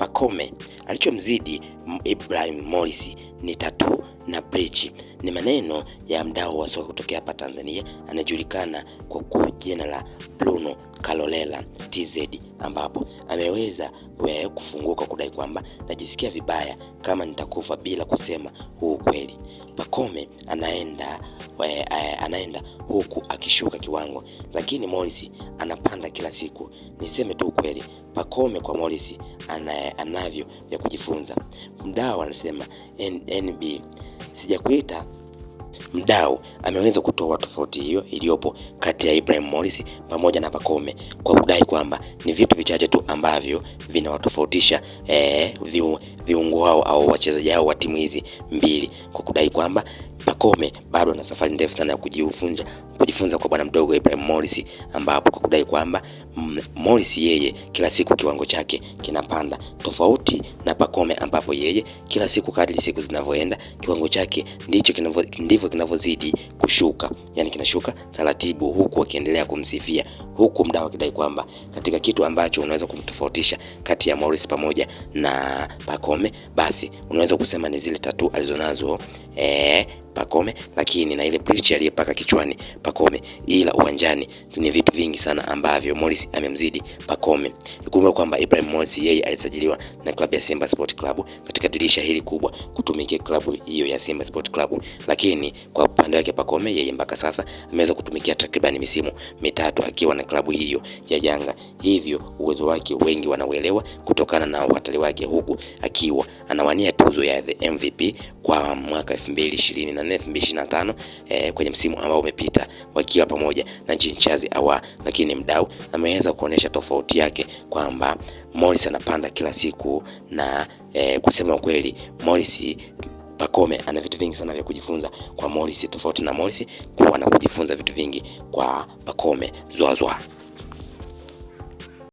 Pacome. Alichomzidi Ibrahim Morris ni tatu na bridge. Ni maneno ya mdau wa soka kutokea hapa Tanzania, anajulikana kwa jina la Bruno Kalolela TZ, ambapo ameweza kufunguka kudai kwamba najisikia vibaya kama nitakufa bila kusema huu ukweli. Pacome anaenda we, anaenda huku akishuka kiwango, lakini Morris anapanda kila siku. Niseme tu ukweli, Pacome kwa Morris anavyo vya kujifunza. Mdau anasema NB, sijakuita mdau ameweza kutoa tofauti hiyo iliyopo kati ya Ibrahim Morris pamoja na Pacome kwa kudai kwamba ni vitu vichache tu ambavyo vinawatofautisha eh, viungo hao au wachezaji hao wa timu hizi mbili, kwa kudai kwamba Pacome bado ana safari ndefu sana ya kujifunza kujifunza kwa bwana mdogo Ibrahim Morris, ambapo kwa kudai kwamba Morris yeye kila siku kiwango chake kinapanda, tofauti na Pacome ambapo yeye kila siku kadri siku zinavyoenda kiwango chake ndicho ndivyo kinavyozidi kushuka, yani kinashuka taratibu, huku wakiendelea kumsifia, huku mdau akidai kwamba katika kitu ambacho unaweza kumtofautisha kati ya Morris pamoja na Pacome, basi unaweza kusema ni zile tatu alizonazo eh Pakome, lakini na ile bridge aliyepaka kichwani pakome ila uwanjani ni vitu vingi sana ambavyo Morris amemzidi Pakome. Kumbuka kwamba Ibrahim Morris yeye alisajiliwa na klabu ya Simba Sport Club katika dirisha hili kubwa kutumikia klabu hiyo ya Simba Sport Club, lakini kwa upande wake pakome yeye mpaka sasa ameweza kutumikia takriban misimu mitatu akiwa na klabu hiyo ya Yanga, hivyo uwezo wake wengi wanauelewa kutokana na uhatari wake, huku akiwa anawania tuzo ya the MVP kwa mwaka 2024. 2024-2025 eh, kwenye msimu ambao umepita wakiwa pamoja na Chinchazi Awa, lakini mdau ameweza kuonesha tofauti yake kwamba Morris anapanda kila siku na eh, kusema kweli Morris Pacome ana vitu vingi sana vya kujifunza kwa Morris, tofauti na Morris kuwa na kujifunza vitu vingi kwa Pacome zwazwa.